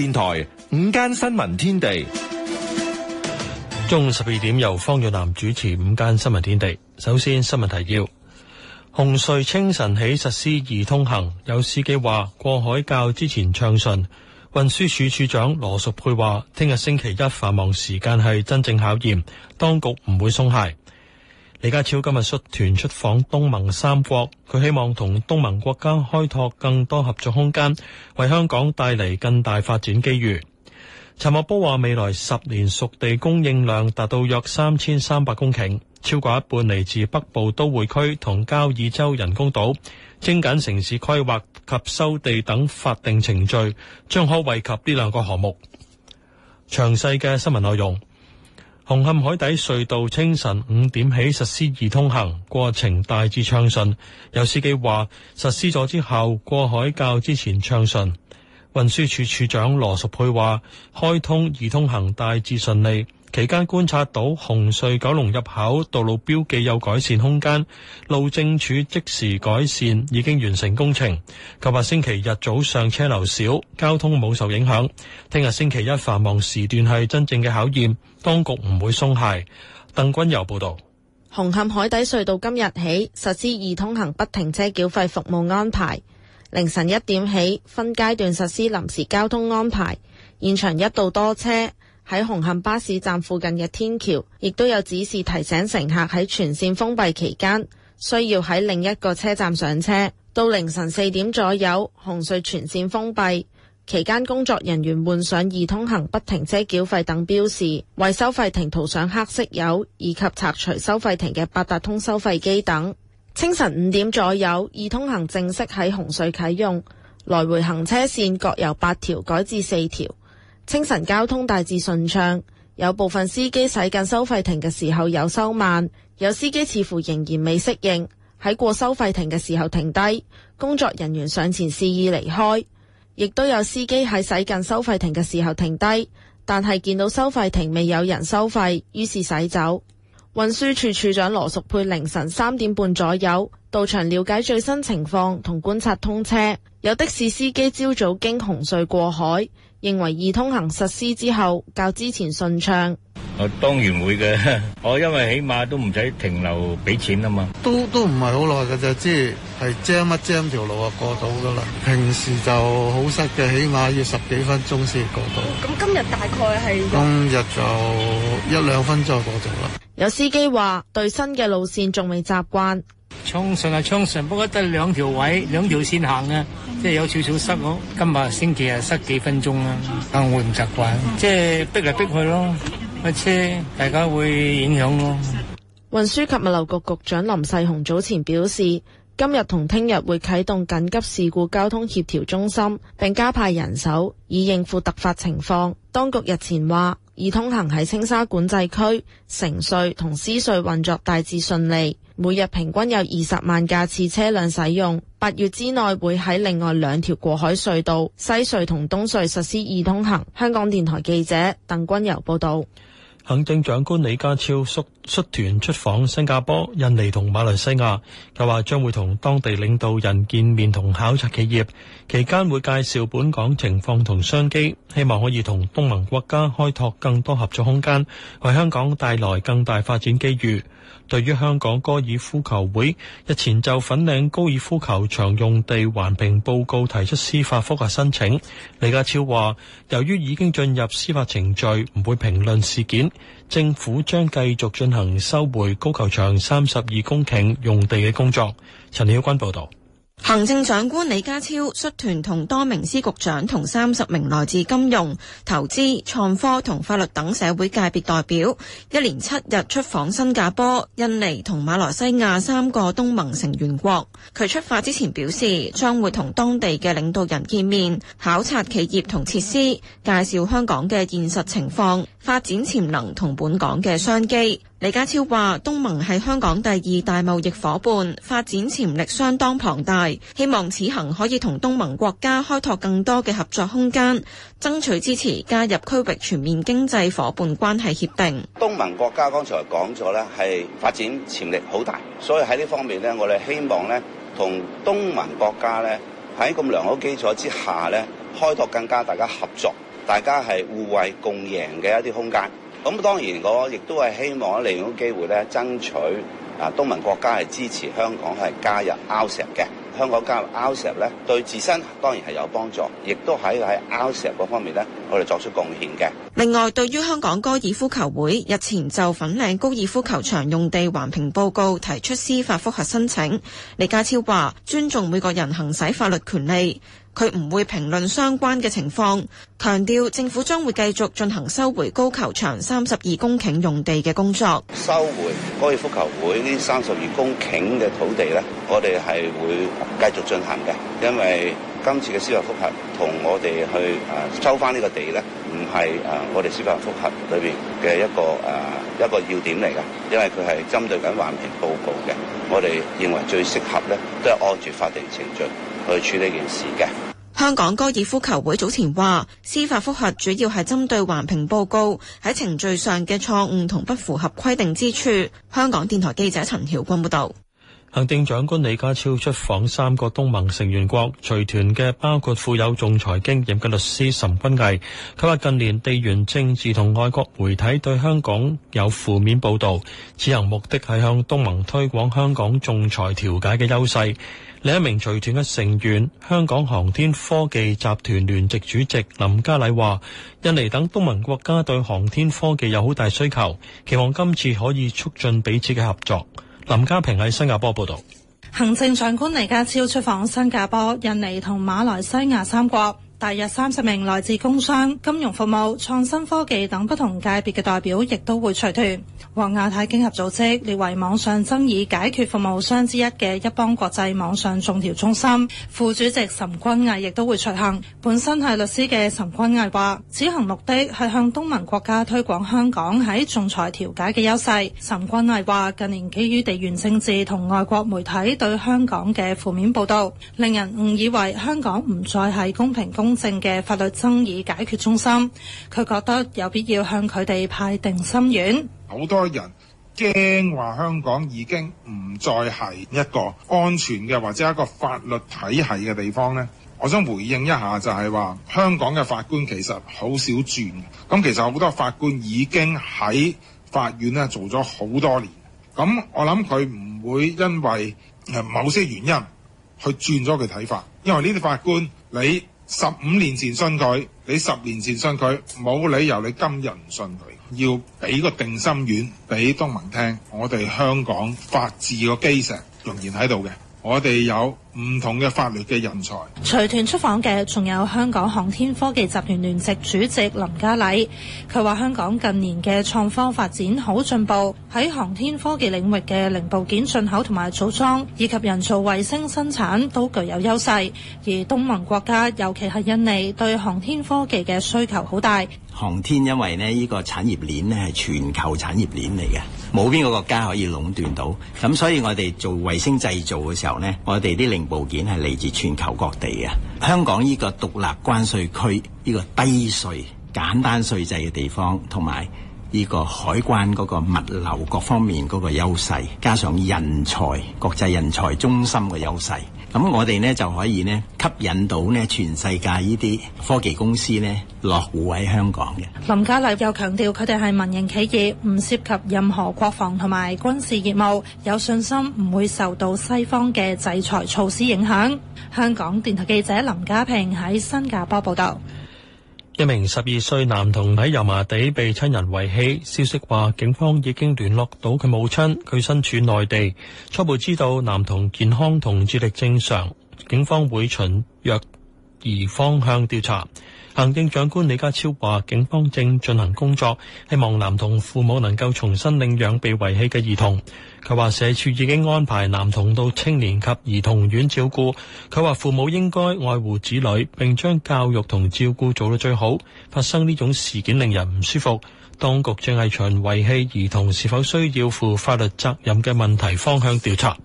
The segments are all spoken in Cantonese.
電台午間新聞天地，中午十二點由方若南主持午間新聞天地。首先新聞提要：紅隧清晨起實施易通行，有司機話過海較之前暢順。運輸署署長羅淑佩話：聽日星期一繁忙時間係真正考驗，當局唔會鬆懈。李家超今日率團出訪東盟三國，佢希望同東盟國家開拓更多合作空間，為香港帶嚟更大發展機遇。陳茂波話，未來十年熟地供應量達到約三千三百公頃，超過一半嚟自北部都會區同交椅洲人工島，精簡城市規劃及收地等法定程序，將可惠及呢兩個項目。詳細嘅新聞內容。紅磡海底隧道，清晨五點起實施易通行，過程大致暢順。有司機話，實施咗之後過海較之前暢順。運輸署署長羅淑佩話，開通易通行大致順利。期間觀察到紅隧九龍入口道路標記有改善空間，路政署即時改善已經完成工程。今日星期日早上車流少，交通冇受影響。聽日星期一繁忙時段係真正嘅考驗，當局唔會鬆懈。鄧君游報道。紅磡海底隧道今日起實施易通行不停車繳費服務安排，凌晨一點起分階段實施臨時交通安排，現場一度多車。喺紅磡巴士站附近嘅天橋，亦都有指示提醒乘客喺全線封閉期間需要喺另一個車站上車。到凌晨四點左右，紅隧全線封閉期間，工作人員換上易通行不停車繳費等標示，為收費亭塗上黑色油，以及拆除收費亭嘅八達通收費機等。清晨五點左右，易通行正式喺紅隧啟用，來回行車線各由八條改至四條。清晨交通大致順暢，有部分司機駛近收費亭嘅時候有收慢，有司機似乎仍然未適應喺過收費亭嘅時候停低。工作人員上前示意離開，亦都有司機喺駛近收費亭嘅時候停低，但係見到收費亭未有人收費，於是駛走。運輸署署長羅淑佩凌晨三點半左右到場了解最新情況同觀察通車，有的士司機朝早經紅隧過海，認為易通行實施之後較之前順暢。我當然會嘅，我因為起碼都唔使停留俾錢啊嘛，都都唔係好耐嘅，就即係 jam 乜 jam 條路啊過到噶啦。平時就好塞嘅，起碼要十幾分鐘先過到。咁今日大概係今日就一兩分鐘過到啦。嗯、有司機話對新嘅路線仲未習慣。暢順啊，暢順，不過得兩條位，兩條線行啊，即係有少少塞咯。今日星期日，塞幾分鐘啊，嗯、但我會唔習慣，即係逼嚟逼去咯，個車大家會影響咯。運輸及物流局局局長林世雄早前表示，今日同聽日會啟動緊急事故交通協調中心，並加派人手以應付突發情況。當局日前話，已通行喺青沙管制區，城隧同私隧運作大致順利。每日平均有二十萬架次車輛使用，八月之內會喺另外兩條過海隧道西隧同東隧實施二通行。香港電台記者鄧君游報道。行政長官李家超率率團出訪新加坡、印尼同馬來西亞，佢話將會同當地領導人見面同考察企業，期間會介紹本港情況同商機，希望可以同東盟國家開拓更多合作空間，為香港帶來更大發展機遇。對於香港高爾夫球會日前就粉嶺高爾夫球場用地環評報告提出司法覆核申請，李家超話，由於已經進入司法程序，唔會評論事件。政府將繼續進行收回高球場三十二公頃用地嘅工作。陳曉君報道。行政長官李家超率團同多名司局長同三十名來自金融、投資、創科同法律等社會界別代表，一連七日出訪新加坡、印尼同馬來西亞三個東盟成員國。佢出發之前表示，將會同當地嘅領導人見面，考察企業同設施，介紹香港嘅現實情況、發展潛能同本港嘅商機。李家超話東盟係香港第二大貿易夥伴，發展潛力相當龐大，希望此行可以同東盟國家開拓更多嘅合作空間，爭取支持加入區域全面經濟夥伴關係協定。東盟國家剛才講咗咧，係發展潛力好大，所以喺呢方面咧，我哋希望咧，同東盟國家咧，喺咁良好基礎之下咧，開拓更加大家合作，大家係互惠共贏嘅一啲空間。咁當然，我亦都係希望利用呢個機會咧，爭取啊，東盟國家係支持香港係加入 RCEP 嘅。香港加入 RCEP 咧，對自身當然係有幫助，亦都喺喺 RCEP 嗰方面咧，我哋作出貢獻嘅。另外，對於香港高爾夫球會日前就粉嶺高爾夫球場用地環評報告提出司法覆核申請，李家超話尊重每個人行使法律權利，佢唔會評論相關嘅情況，強調政府將會繼續進行收回高球場三十二公頃用地嘅工作。收回高爾夫球會呢三十二公頃嘅土地呢，我哋係會繼續進行嘅，因為今次嘅司法覆核同我哋去誒收返呢個地咧。係誒、啊，我哋司法復核裏邊嘅一個誒、啊、一個要點嚟噶，因為佢係針對緊環評報告嘅，我哋認為最適合呢，都係按住法定程序去處理件事嘅。香港哥爾夫球會早前話，司法復核主要係針對環評報告喺程序上嘅錯誤同不符合規定之處。香港電台記者陳曉君報導。行政長官李家超出訪三個東盟成員國，隨團嘅包括富有仲裁經驗嘅律師岑君毅，佢話近年地緣政治同外國媒體對香港有負面報道，此行目的係向東盟推廣香港仲裁調解嘅優勢。另一名隨團嘅成員，香港航天科技集團聯席主席林家禮話，印尼等東盟國家對航天科技有好大需求，期望今次可以促進彼此嘅合作。林家平喺新加坡報道，行政長官李家超出訪新加坡、印尼同馬來西亞三國。大約三十名來自工商、金融服務、創新科技等不同界別嘅代表亦都會隨團。黃亞太經合組織列為網上爭議解決服務商之一嘅一幫國際網上仲調中心副主席岑君毅亦都會出行。本身係律師嘅岑君毅話，此行目的係向東盟國家推廣香港喺仲裁調解嘅優勢。岑君毅話，近年基於地緣政治同外國媒體對香港嘅負面報道，令人誤以為香港唔再係公平公公正嘅法律爭議解決中心，佢覺得有必要向佢哋派定心丸。好多人驚話香港已經唔再係一個安全嘅或者一個法律體系嘅地方咧。我想回應一下就，就係話香港嘅法官其實好少轉，咁其實好多法官已經喺法院咧做咗好多年。咁我諗，佢唔會因為某些原因去轉咗佢睇法，因為呢啲法官你。十五年前信佢，你十年前信佢，冇理由你今日唔信佢。要俾個定心丸俾東盟聽，我哋香港法治個基石仍然喺度嘅，我哋有。唔同嘅法律嘅人才，隨團出訪嘅仲有香港航天科技集團聯席主席林家禮。佢話香港近年嘅創科發展好進步，喺航天科技領域嘅零部件進口同埋組裝，以及人造衛星生產都具有優勢。而東盟國家，尤其係印尼，對航天科技嘅需求好大。航天因為呢呢、呢個產業鏈呢係全球產業鏈嚟嘅，冇邊個國家可以壟斷到。咁所以我哋做衛星製造嘅時候呢，我哋啲零部件係嚟自全球各地嘅，香港呢個獨立關稅區呢、呢個低稅、簡單稅制嘅地方，同埋呢個海關嗰個物流各方面嗰個優勢，加上人才國際人才中心嘅優勢。咁、嗯、我哋呢就可以呢吸引到呢全世界呢啲科技公司呢落戶喺香港嘅。林家麗又強調，佢哋係民營企業，唔涉及任何國防同埋軍事業務，有信心唔會受到西方嘅制裁措施影響。香港電台記者林家平喺新加坡報道。一名十二歲男童喺油麻地被親人遺棄，消息話警方已經聯絡到佢母親，佢身處內地，初步知道男童健康同智力正常，警方會循虐兒方向調查。行政長官李家超話，警方正進行工作，希望男童父母能夠重新領養被遺棄嘅兒童。佢話社署已經安排男童到青年及兒童院照顧。佢話父母應該愛護子女，並將教育同照顧做到最好。發生呢種事件令人唔舒服，當局正係循遺棄兒童是否需要負法律責任嘅問題方向調查。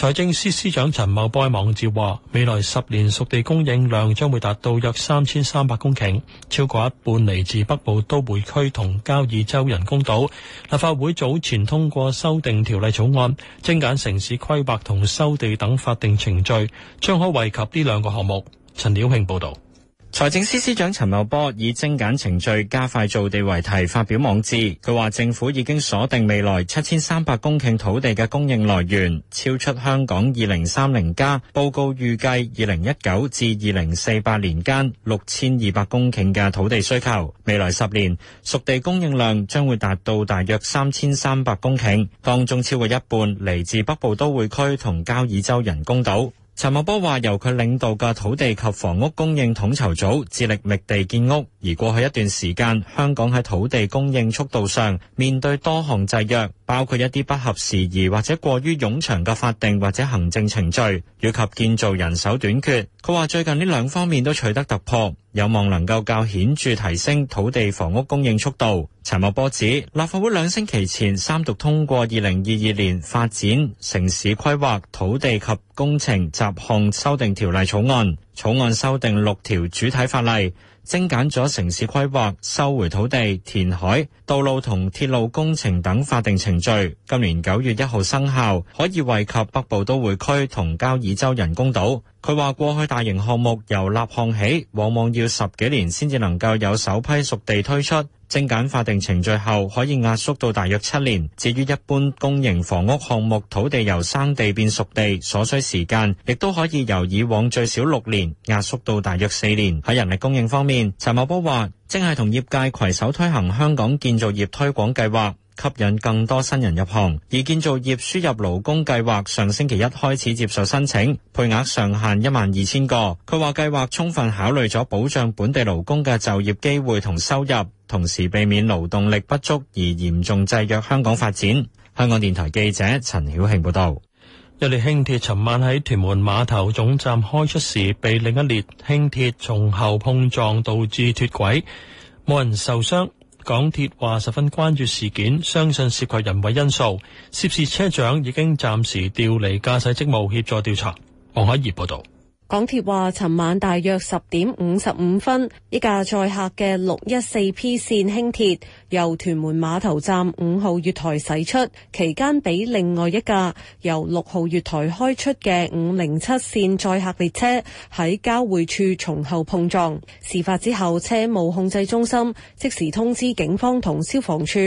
財政司司長陳茂波網誌話，未來十年熟地供應量將會達到約三千三百公頃，超過一半嚟自北部都會區同交椅洲人工島。立法會早前通過修訂條例草案，精簡城市規劃同收地等法定程序，將可惠及呢兩個項目。陳曉慶報道。財政司司長陳茂波以精簡程序加快造地為題發表網誌，佢話政府已經鎖定未來七千三百公頃土地嘅供應來源，超出香港二零三零加報告預計二零一九至二零四八年間六千二百公頃嘅土地需求。未來十年，熟地供應量將會達到大約三千三百公頃，當中超過一半嚟自北部都會區同交椅洲人工島。陳茂波話：由佢領導嘅土地及房屋供應統籌組致力覓地建屋，而過去一段時間，香港喺土地供應速度上面對多項制約。包括一啲不合時宜或者過於冗長嘅法定或者行政程序，以及建造人手短缺。佢話最近呢兩方面都取得突破，有望能夠較顯著提升土地房屋供應速度。陳茂波指立法會兩星期前三讀通過二零二二年發展城市規劃土地及工程雜項修訂條例草案。草案修訂六條主體法例，精簡咗城市規劃、收回土地、填海、道路同鐵路工程等法定程序。今年九月一號生效，可以惠及北部都會區同交椅洲人工島。佢話過去大型項目由立項起，往往要十幾年先至能夠有首批熟地推出。精簡法定程序後，可以壓縮到大約七年，至於一般公營房屋項目土地由生地變熟地所需時間，亦都可以由以往最少六年壓縮到大約四年。喺人力供應方面，陳茂波話，正係同業界攜手推行香港建造業推廣計劃。吸引更多新人入行，而建造業輸入勞工計劃上星期一開始接受申請，配額上限一萬二千個。佢話計劃充分考慮咗保障本地勞工嘅就業機會同收入，同時避免勞動力不足而嚴重制約香港發展。香港電台記者陳曉慶報道：一列輕鐵尋晚喺屯門碼頭總站開出時，被另一列輕鐵從後碰撞，導致脱軌，冇人受傷。港鐵話十分關注事件，相信涉及人為因素，涉事車長已經暫時調離駕駛職務協助調查。王海怡報道。港鐵話，尋晚大約十點五十五分，一架載客嘅六一四 P 線輕鐵由屯門碼頭站五號月台駛出，期間俾另外一架由六號月台開出嘅五零七線載客列車喺交匯處從後碰撞。事發之後，車務控制中心即時通知警方同消防處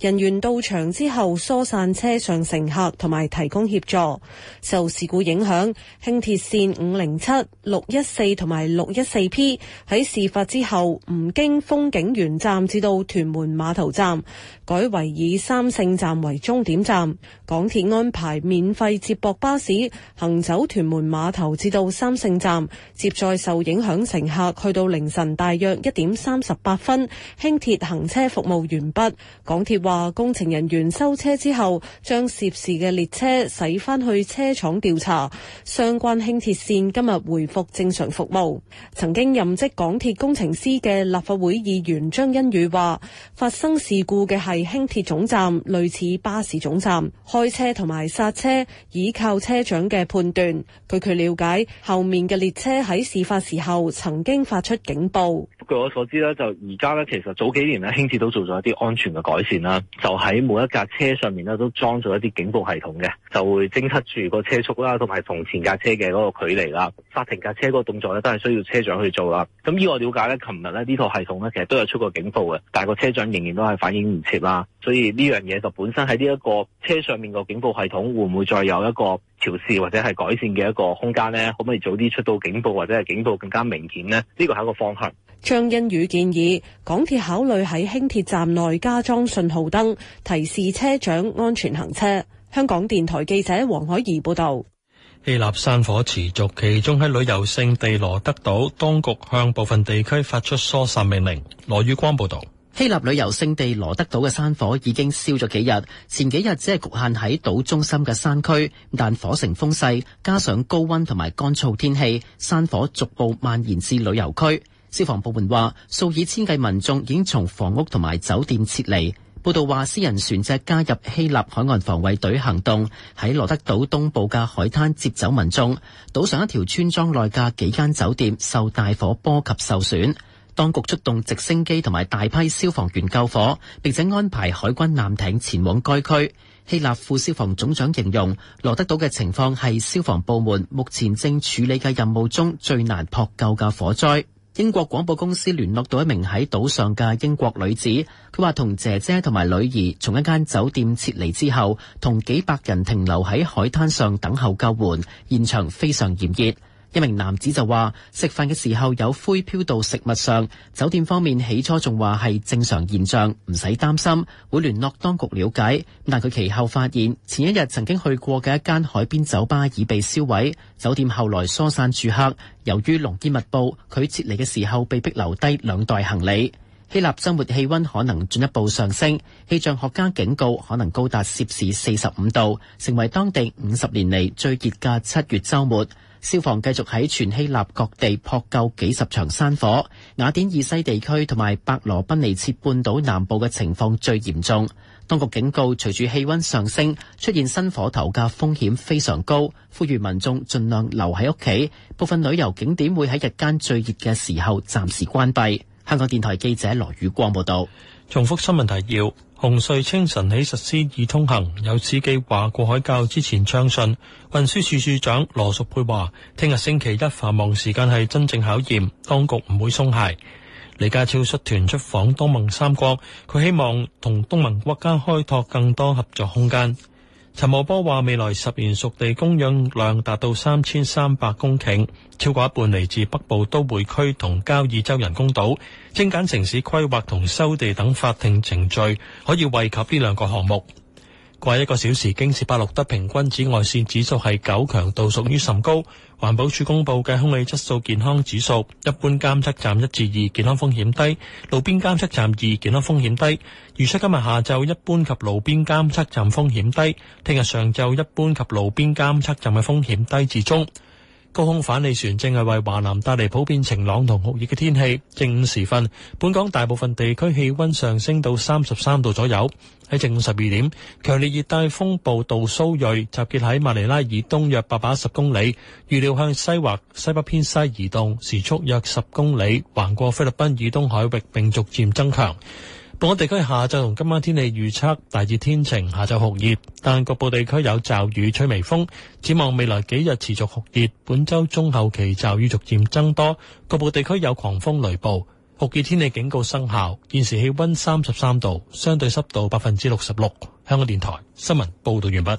人員到場之後疏散車上乘客同埋提供協助。受事故影響，輕鐵線五零。七六一四同埋六一四 P 喺事發之後，唔經風景園站，至到屯門碼頭站。改為以三聖站為終點站，港鐵安排免費接駁巴士行走屯門碼頭至到三聖站，接載受影響乘客去到凌晨大約一點三十八分，輕鐵行車服務完畢。港鐵話工程人員收車之後，將涉事嘅列車駛翻去車廠調查，相關輕鐵綫今日回復正常服務。曾經任職港鐵工程師嘅立法會議員張欣宇話：發生事故嘅係。輕鐵總站類似巴士總站，開車同埋剎車倚靠車長嘅判斷。據佢了解，後面嘅列車喺事發時候曾經發出警報。據我所知咧，就而家咧其實早幾年咧輕鐵都做咗一啲安全嘅改善啦，就喺每一架車上面咧都裝咗一啲警報系統嘅，就會偵測住個車速啦，同埋同前架車嘅嗰個距離啦。剎停架車嗰個動作咧都係需要車長去做啦。咁依我了解咧，琴日咧呢套系統咧其實都有出過警報嘅，但係個車長仍然都係反應唔切。所以呢樣嘢，就本身喺呢一個車上面個警報系統會唔會再有一個調試或者係改善嘅一個空間咧？可唔可以早啲出到警報或者係警報更加明顯咧？呢個係一個方向。張欣宇建議港鐵考慮喺輕鐵站內加裝信號燈，提示車長安全行車。香港電台記者黃海怡報道。希臘山火持續，其中喺旅遊勝地羅德島，當局向部分地區發出疏散命令。羅宇光報道。希臘旅遊勝地羅德島嘅山火已經燒咗幾日，前幾日只係局限喺島中心嘅山區，但火成風勢加上高溫同埋乾燥天氣，山火逐步蔓延至旅遊區。消防部門話，數以千計民眾已經從房屋同埋酒店撤離。報道話，私人船隻加入希臘海岸防衛隊行動，喺羅德島東部嘅海灘接走民眾。島上一條村莊內嘅幾間酒店受大火波及受損。當局出動直升機同埋大批消防員救火，並且安排海軍艦艇前往該區。希臘副消防總長形容羅德島嘅情況係消防部門目前正處理嘅任務中最難撲救嘅火災。英國廣播公司聯絡到一名喺島上嘅英國女子，佢話同姐姐同埋女兒從一間酒店撤離之後，同幾百人停留喺海灘上等候救援，現場非常炎熱。一名男子就話食飯嘅時候有灰飄到食物上，酒店方面起初仲話係正常現象，唔使擔心，會聯絡當局了解。但佢其後發現前一日曾經去過嘅一間海邊酒吧已被燒毀，酒店後來疏散住客。由於濃煙密佈，佢撤離嘅時候被迫留低兩袋行李。希臘周末氣溫可能進一步上升，氣象學家警告可能高達攝氏四十五度，成為當地五十年嚟最熱嘅七月周末。消防繼續喺全希臘各地撲救幾十場山火，雅典以西地區同埋伯羅奔尼撒半島南部嘅情況最嚴重。當局警告，隨住氣溫上升，出現新火頭嘅風險非常高，呼籲民眾盡量留喺屋企。部分旅遊景點會喺日間最熱嘅時候暫時關閉。香港電台記者羅宇光報道。重複新聞提要。紅隧清晨起實施易通行，有司機話過海較之前暢順。運輸署署長羅淑佩話，聽日星期一繁忙時間係真正考驗，當局唔會鬆懈。李家超率團出訪東盟三國，佢希望同東盟國家開拓更多合作空間。陳茂波話：未來十年熟地供應量達到三千三百公頃，超過一半嚟自北部都會區同交椅洲人工島，精簡城市規劃同收地等法定程序，可以惠及呢兩個項目。過一個小時，經攝八六得平均紫外線指數係九，強度屬於甚高。環保署公佈嘅空氣質素健康指數，一般監測站一至二，健康風險低；路邊監測站二，健康風險低。預測今日下晝一般及路邊監測站風險低，聽日上晝一般及路邊監測站嘅風險低至中。高空反氣旋正係為華南帶嚟普遍晴朗同酷熱嘅天氣。正午時分，本港大部分地區氣溫上升到三十三度左右。喺正午十二點，強烈熱帶風暴杜蘇芮集結喺馬尼拉以東約八百一十公里，預料向西或西北偏西移動，時速約十公里，橫過菲律賓以東海域，並逐漸增強。本地區下晝同今晚天氣預測大致天晴，下晝酷熱，但局部地區有驟雨吹微風。展望未來幾日持續酷熱，本周中後期驟雨逐漸增多，局部地區有狂風雷暴，酷熱天氣警告生效。現時氣溫三十三度，相對濕度百分之六十六。香港電台新聞報道完畢。